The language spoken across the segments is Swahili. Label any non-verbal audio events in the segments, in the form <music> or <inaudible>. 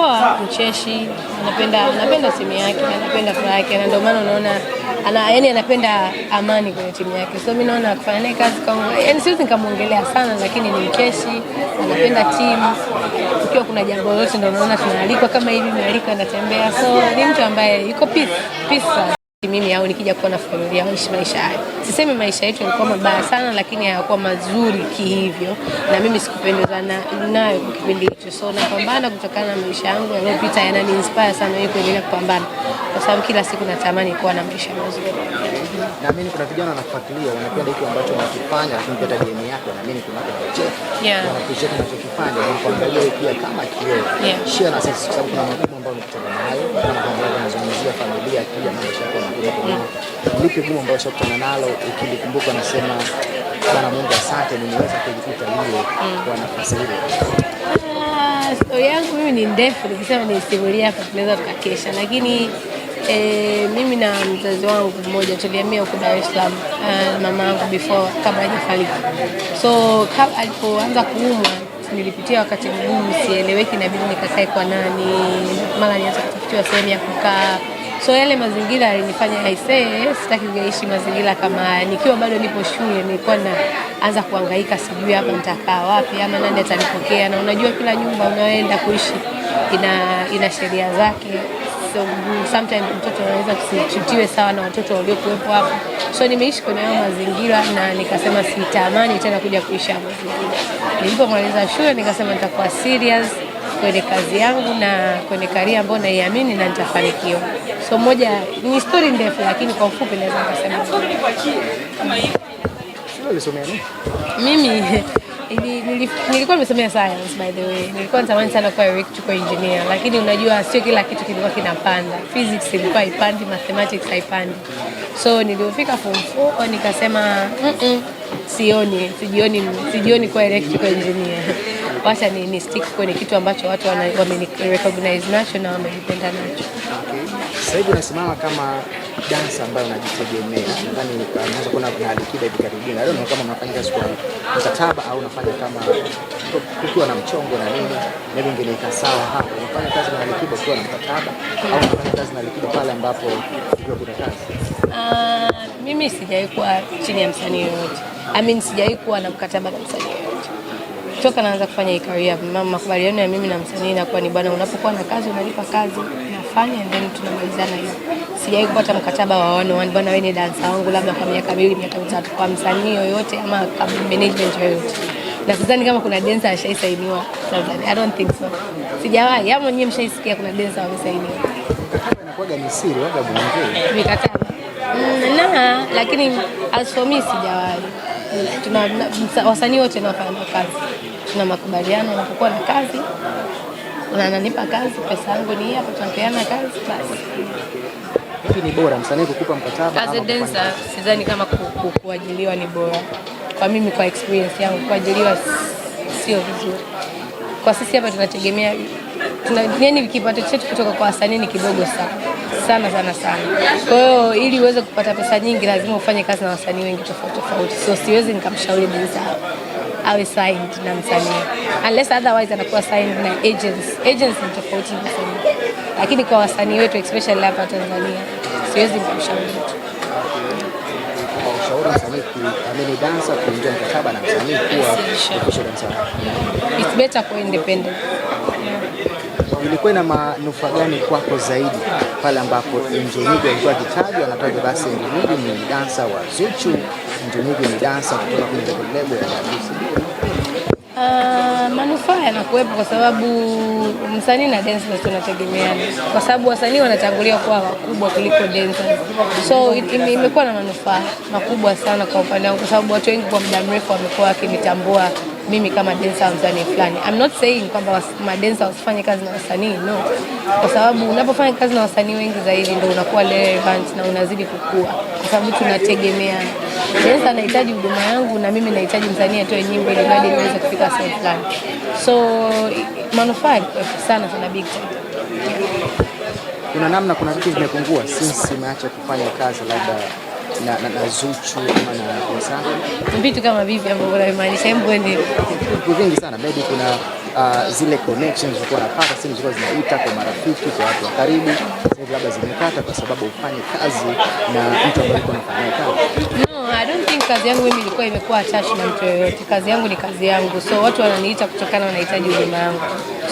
poa, mcheshi, anapenda anapenda timu yake, anapenda furaha yake, na ndio maana unaona ana yani anapenda amani kwenye timu yake. So mimi naona kufanya naye kazi kwangu, yani siwezi nikamwongelea sana, lakini ni mcheshi, anapenda timu. Ukiwa kuna jambo lolote, ndio unaona tunaalikwa kama hivi, tunaalikwa anatembea. So ni mtu ambaye yuko peace peace sana. Mimi au nikija kuwa na familia ishi maisha hayo. Sisemi maisha yetu yalikuwa mabaya sana, lakini hayakuwa mazuri kihivyo, na mimi sikupendezwa nayo kwa kipindi hicho, so napambana kutokana na maisha yangu yaliyopita, yanani inspire sana mimi kuendelea kupambana, kwa sababu kila siku natamani kuwa na maisha mazuri. Naamini kuna vijana wanafuatilia, wanapenda hiki ambacho wanakifanya, lakini pia jamii yako, naamini kuna watu wanacheka, wanakucheka unachokifanya, na kuangalia pia kama kioo, share na sisi, kwa sababu kuna mambo ambayo tunakutana nayo, na mambo yanazungumzia familia pia maisha yako lipi gumu ambayo ushakutana nalo ukilikumbuka, nasema Bwana Mungu asante, nimeweza kujikuta lile mm. kwa nafasi ile? Ah, Stori yangu mimi ni ndefu, nikisema ni historia hapa tunaweza tukakesha, lakini E, mimi na mzazi wangu mmoja tulihamia huko Dar es Salaam, uh, mama yangu before kabla hajafariki. So kabla alipoanza kuumwa nilipitia wakati mgumu, sieleweki, inabidi nikakae kwa nani, mara nianza kutafutiwa sehemu ya kukaa So yale mazingira yalinifanya aisee, sitaki kuishi mazingira kama haya. Nikiwa bado nipo shule, nilikuwa naanza kuhangaika, sijui hapa nitakaa wapi ama nani atanipokea, na unajua kila nyumba unayoenda kuishi ina, ina sheria zake So, sometimes mtoto anaweza kusitutiwe sawa na watoto waliokuwepo hapo. So nimeishi kwenye hayo mazingira na nikasema sitamani tena kuja kuishi hapo. Nilipomaliza shule nikasema nitakuwa serious kwenye kazi yangu na kwenye karia ambayo naiamini na nitafanikiwa. So moja ni story ndefu, lakini kwa ufupi naweza kusema mimi <laughs> nilikuwa nimesomea science by the way. Nilikuwa natamani sana kuwa electrical engineer, lakini unajua sio kila kitu kilikuwa kinapanda. Physics ilikuwa ipandi, mathematics haipandi. So nilipofika form 4 nikasema mm -mm, sioni sijioni sijioni kuwa electrical engineer <laughs> wacha ni, ni stick kwenye kitu ambacho watu wamenirecognize nacho na wamenipenda nacho. Sasa hivi unasimama kama dansa ambayo unajitegemea. Nadhani uh, unaanza kuona kuna Alikiba hivi karibuni. I don't know kama unafanya kazi kwa mkataba au unafanya kama ukiwa na mchongo na nini, Na maybe ungeniweka sawa hapo. Unafanya kazi na Alikiba ukiwa na mkataba au unafanya kazi na Alikiba pale ambapo ukiwa kuna kazi? Uh, mimi sijaikuwa chini ya msanii yoyote. I mean sijaikuwa na mkataba na msanii yoyote toka naanza kufanya hii career, Mama, makubaliano ya mimi na msanii inakuwa ni bwana, unapokuwa na kazi unalipa kazi, nafanya and then tunamalizana hiyo. Sijai kupata mkataba wa one one, bwana wewe ni dansa wangu labda kwa miaka miwili miaka mitatu, kwa msanii yoyote ama kwa management yoyote. Na sidhani kama kuna dansa ashaisaidiwa Tanzania. I don't think so. Sijawahi. Ama nyinyi mshaisikia kuna dansa wamesainiwa? Mkataba inakuwa ni siri, waga bunge. Mikataba. Mm, na lakini as for me sijawahi. Tuna wasanii wote tunafanya kazi tuna makubaliano, unapokuwa na kazi unananipa kazi, pesa yangu ni hapa, tunapeana kazi basi. Hivi ni bora msanii kukupa mkataba as a dancer? Sidhani kama kuajiliwa ni bora kwa mimi, kwa experience yangu, kuajiliwa sio vizuri. Kwa sisi hapa tunategemea yani kipato chetu kutoka kwa wasanii ni kidogo sana sana sana sana. Kwa hiyo ili uweze kupata pesa nyingi, lazima ufanye kazi na wasanii wengi tofauti tofauti, so siwezi nikamshauri dancer awe signed na msanii, unless otherwise anakuwa signed na agents. Agents ni tofauti na msanii, lakini kwa wasanii wetu especially hapa Tanzania siwezi kumshauri mtu it's better kwa independent. Ilikuwa na manufaa gani kwako zaidi pale ambapo Mzee Inugu alikuwa akitajwa, anatajwa basi Inugu ni dansa wa Zuchu ni dansa kutoka kwenye lebo ya Uh, manufaa yanakuwepo kwa sababu msanii na dancer tunategemeana, kwa sababu wasanii wanatangulia kuwa wakubwa kuliko dancer, so imekuwa na manufaa makubwa sana kwa upande wangu, kwa sababu watu wengi kwa muda mrefu wamekuwa wakinitambua mimi kama densa wa msanii fulani. I'm not saying kwamba madensa wasifanye kazi na wasanii no, kwa sababu unapofanya kazi na wasanii wengi zaidi ndo unakuwa relevant na unazidi kukua, kwa sababu tunategemea. Densa anahitaji huduma yangu na mimi nahitaji msanii atoe nyimbo ili mradi niweze kufika sehemu fulani, so manufaa sana sana big time. Kuna namna, kuna vitu vimepungua since umeacha kufanya kazi labda na, na, na Zuchu ama na Wasafi, vitu kama vipi ambavyo unamaanisha? Hebu ni vitu vingi sana maybe kuna Uh, zile connections zilikuwa napata simu zilikuwa zinaita kwa marafiki, kwa watu wa karibu. Sasa labda zimekata kwa sababu ufanye kazi na mtu ambaye alikuwa anafanya kazi. No, I don't think kazi yangu mimi ilikuwa imekuwa attached na mtu yoyote. Kazi yangu ni kazi yangu, so watu wananiita kutokana wanahitaji huduma yangu.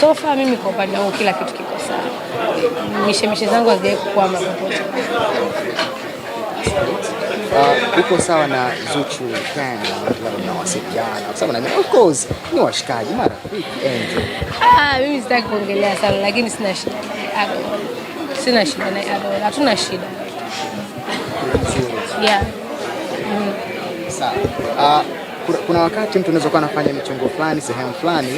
So far mimi kwa upande wangu kila kitu kiko sawa, mishemishe zangu hazijawahi kukwama popote uh, uko sawa na Zuchu na kwa sababu na of course ni washikaji marafiki. Ah, mimi sitaki kuongelea sana, lakini sina shida, sina shida na hatuna shida yeah. mm. sawa uh, kuna wakati mtu unaweza kuwa anafanya michongo fulani sehemu fulani,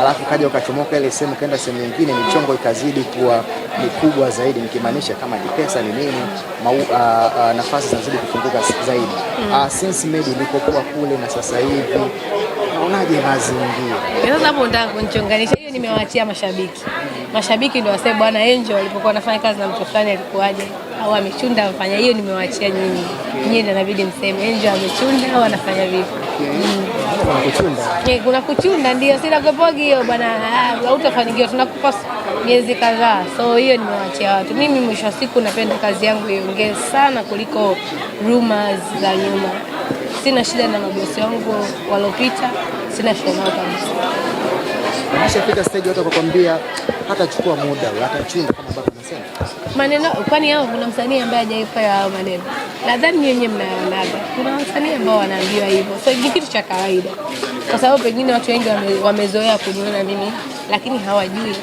alafu kaja ukachomoka ile sehemu ukaenda sehemu nyingine, michongo ikazidi kuwa mikubwa zaidi, nikimaanisha kama ni pesa ni nini, uh, uh, nafasi zinazidi kufunguka zaidi. mm. Uh, since maybe nilipokuwa kule na sasa hivi unaonaje mazingira sasa? Hapo ndio kunichonganisha hiyo, nimewaachia mashabiki. Mashabiki ndio wasema bwana Angel alipokuwa anafanya kazi na mtu fulani alikuwaje, au amechunda amfanya. Hiyo nimewaachia nyinyi, nyinyi ndio inabidi mseme Angel amechunda au anafanya vipi kuna kuchunda ndio sina kupogi hiyo bwana, hautafanikiwa tunakupa miezi kadhaa. So hiyo nimewaachia watu. Mimi mwisho wa siku napenda kazi yangu iongee sana kuliko rumors za nyuma. Sina shida na mabosi wangu walopita, sina shida nao kabisa. Akishafika stage watu wakakwambia chukua muda, atachunga kama ambavyo unasema maneno. Kwani hao kuna msanii ambaye hajaifanya hao maneno? Nadhani nyinyi mnayonaga kuna wasanii ambao wanaambiwa hivyo, so ni kitu cha kawaida, kwa sababu pengine watu wengi wamezoea kuniona mimi, lakini hawajui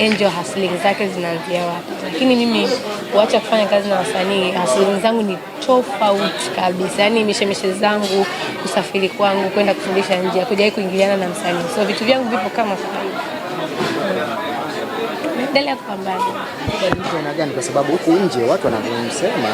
Angel hustling zake zinaanzia wapi. Lakini mimi kuacha kufanya kazi na wasanii, hustling zangu ni tofauti kabisa, yaani mishemishe zangu, kusafiri kwangu, kwenda kufundisha nje, kujai kuingiliana na msanii, so vitu vyangu vipo kama kawaida naendelea kupambana. Kwa sababu huku nje watu wanavyomsema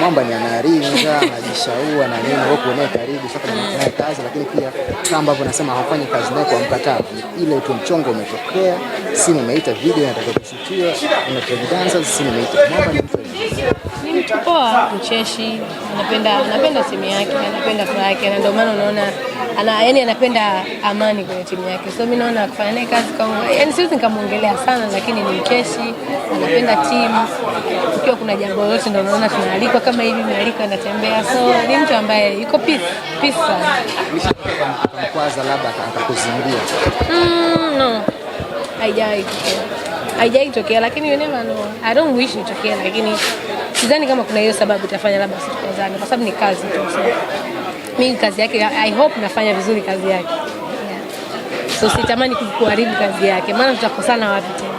mwamba ni anaringa anajishaua na nini, huko unaye karibu sasa unafanya kazi, lakini pia kama ambavyo nasema hawafanyi kazi naye kwa mkataba, ile tu mchongo umetokea, simu imeita, video inataka kushutiwa, unachojidanza simu imeita. Mwamba ni mtu ni mtu poa, mcheshi, anapenda anapenda simu yake, anapenda furaha yake, na ndio maana unaona ana, yani anapenda amani kwenye timu yake, so mimi naona kufanya naye kazi kama yani siwezi nikamwongelea sana, lakini ni mkeshi, anapenda timu. Ukiwa kuna jambo lolote, ndio naona tunaalikwa kama hivi, mialiko anatembea, so ni mtu ambaye yuko peace peace sana. Akamkwaza labda akakuzimbia? Mm, no, haijawahi haijawahi tokea, lakini you never know. I don't wish itokee, lakini sidhani kama kuna hiyo sababu itafanya labda situkazane, kwa sababu ni kazi tu mimi kazi yake, I hope nafanya vizuri kazi yake yeah. So sitamani kuharibu kazi yake, maana tutakosana wapi tena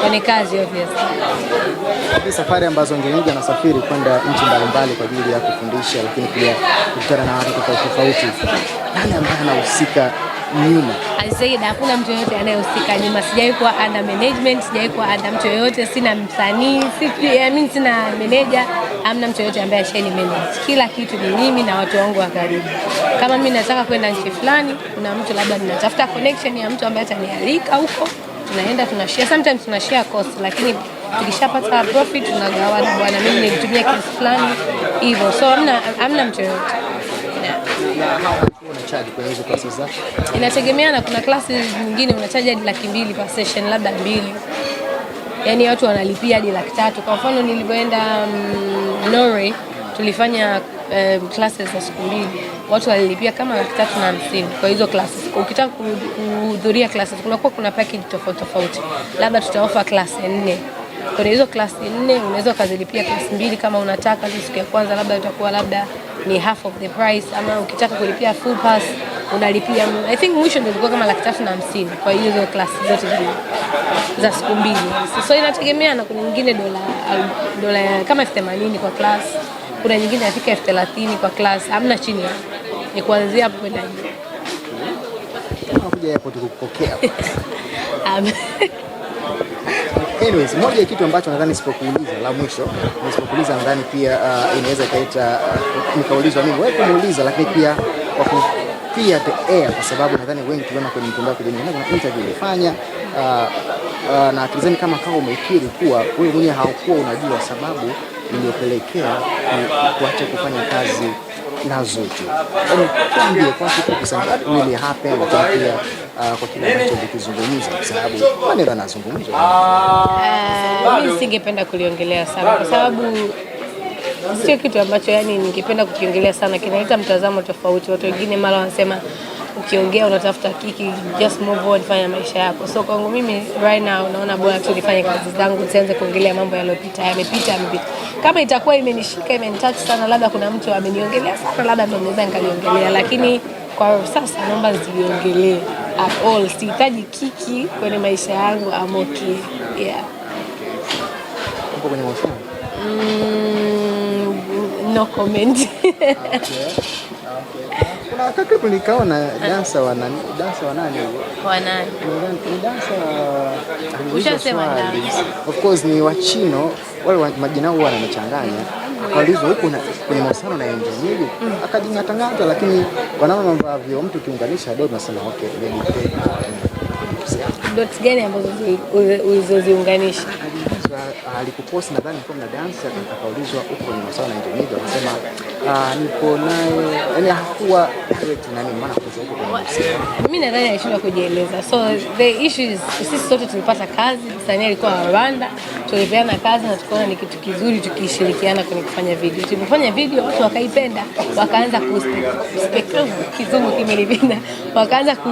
kwenye kazi obviously. Safari ambazo Ngenge anasafiri kwenda nchi mbalimbali kwa ajili ya kufundisha, lakini pia kukutana na watu tofauti tofauti, nani ambaye anahusika nyuma? Azaida, hakuna mtu yoyote anayehusika nyuma. Sijawahi kuwa under management, sijawahi kuwa under mtu yoyote, sina msanii, sina meneja amna mtu yoyote ambaye ashani mimi. Kila kitu ni mimi na watu wangu wa karibu. Kama mimi nataka kwenda nchi fulani, kuna mtu labda ninatafuta connection ya mtu ambaye atanialika huko, tunaenda tunashare, sometimes tunashare cost, lakini tukishapata profit tunagawana, bwana, mimi nilitumia kiasi fulani hivyo, so amna amna mtu yoyote inategemeana. Kuna klasi nyingine unachaji hadi laki mbili per session, labda mbili yani watu wanalipia hadi laki tatu. Kwa mfano nilivyoenda um, Norway tulifanya um, classes za siku mbili, watu walilipia kama laki tatu na hamsini kwa hizo classes. Ukitaka kuhudhuria classes, kunakuwa kuna package tofauti tofauti, labda tutaofa class nne kwenye hizo klasi nne unaweza ukazilipia klasi mbili kama unataka. Hizo siku ya kwanza labda itakuwa labda ni half of the price, ama ukitaka kulipia full pass unalipia. I think mwisho ndio ilikuwa kama laki tatu na hamsini kwa hiyo hizo klasi zote za siku mbili. So inategemea na kuna nyingine dola dola kama elfu themanini kwa class, kuna nyingine afika elfu thelathini kwa class, hamna chini ya ni kuanzia hapo kwenda juu. <laughs> Anyways, moja ya kitu ambacho nadhani sipokuuliza la mwisho, nisipokuuliza nadhani pia uh, inaweza ikaleta uh, nikaulizwa mimi wewe kumuuliza, lakini pia kwa kupia the air, kwa sababu nadhani wengi tuliona kwenye mtandao kijamii na interview ilifanya uh, uh, na akilizeni kama kama umekiri kuwa wewe mwenyewe haukuwa unajua sababu iliyopelekea kuacha kufanya kazi na Zuchu. Tuambie kwa kifupi sana, really happened, lakini pia uh, kwa kile ambacho kwa sababu anazungumza. Ah. Eh, mimi singependa kuliongelea sana, kwa sababu sio kitu ambacho yani ningependa kukiongelea sana, kinaleta mtazamo tofauti. Watu wengine mara wanasema ukiongea unatafuta kiki, just move on, fanya maisha yako. So kwangu mimi right now naona bora tu nifanye kazi zangu, sianze kuongelea mambo yaliyopita, yamepita, yamepita. Kama itakuwa imenishika imenitouch sana, labda kuna mtu ameniongelea sana, labda ndio naweza nikaliongelea, lakini kwa sasa naomba nisiongelee at all. Sihitaji kiki kwenye maisha yangu amoki yeah. Mm, no comment. Okay. Kuna wakati nikaona dansa wa nani? Dansa wa nani? Wa nani? dansa wa... Ushasema nani? Of course ni Wachino, wale majina wao wanachanganya akaulizwa huko kwenye mahusiano na engineer mm. Akajing'atang'ata, lakini kwa namna ambavyo mtu ukiunganisha dot unasema okay, maybe dot gani ambazo ulizoziunganisha alikuposti nadhani alikuwa na dance, akaulizwa uko ni masuala na intermediate, akasema ah, niko naye, yani hakuwa direct na nini, maana kuza huko kwenye muziki. Mimi nadhani alishindwa kujieleza, so the issue is sisi sote tulipata kazi, msanii alikuwa Rwanda, tulipeana kazi na tukaona ni kitu kizuri tukishirikiana kwenye kufanya video. Tulipofanya video watu wakaipenda, wakaanza ku kizungu kimelipenda, wakaanza ku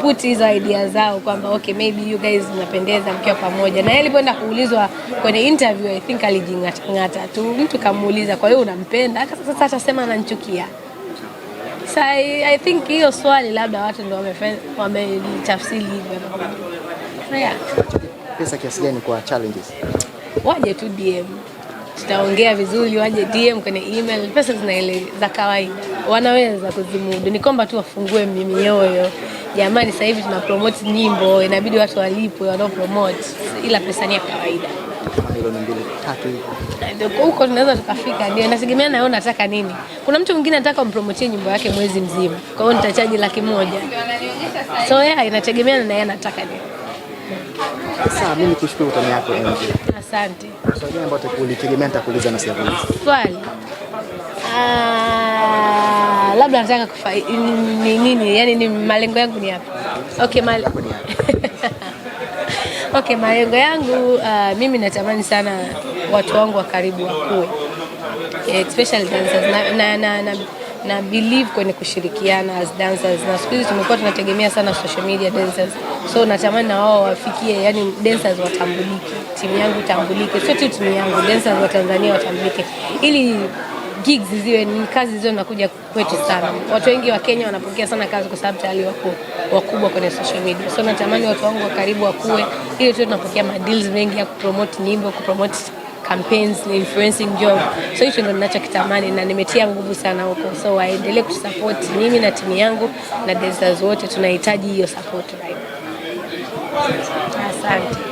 put hizo idea zao kwamba okay maybe you guys mnapendeza mkiwa pamoja, na yeye alipoenda kuulizwa kwenye interview I think alijing'atang'ata tu, mtu kamuuliza, kwa hiyo unampenda? Sasa atasema ananchukia. So I, I think hiyo swali labda watu ndio wamelitafsiri hivyo. Yeah. Pesa kiasi gani kwa challenges? Waje tu DM tutaongea vizuri, waje DM kwenye email. Pesa zinaele za kawaida, wanaweza kuzimudu, ni kwamba tu wafungue mioyo. Jamani, sasa hivi tuna promote nyimbo, inabidi watu walipwe wanao promote, ila pesa ni ya kawaida milioni mbili tatu hivi huko tunaweza tukafika, ndio inategemea na wewe unataka nini. Kuna mtu mwingine anataka umpromotie nyumba yake mwezi mzima, kwa hiyo nitachaji laki moja. So yeah, inategemea na yeye anataka nini. Sasa mimi kushukuru utani yako MJ. Asante. Swali ambalo tulitegemea nitakuuliza na sijakuuliza. Swali. Ah, labda nataka kufa ni nini? Yaani ni malengo yangu ni yapi? Okay, malengo ni yapi? <laughs> Okay, malengo yangu uh, mimi natamani sana watu wangu wa karibu wakuwe especially dancers na, na, na, na, na believe kwenye kushirikiana as dancers, na siku hizi tumekuwa tunategemea sana social media dancers, so natamani na wao wafikie, yani dancers watambulike, timu yangu itambulike, sio tu timu yangu, dancers wa Tanzania watambulike ili gigs ziwe ni kazi zio nakuja kwetu sana. Watu wengi wa Kenya wanapokea sana kazi kwa sababu tayari wako wakubwa kwenye social media, so natamani watu wangu wa karibu wakuwe, ili tu tunapokea madeals mengi ya kupromote nyimbo, kupromote campaigns na influencing job. So hicho ndio ninachokitamani na nimetia nguvu sana huko, so waendelee kutusupport mimi na timu yangu na dancers wote, tunahitaji hiyo support right. Asante.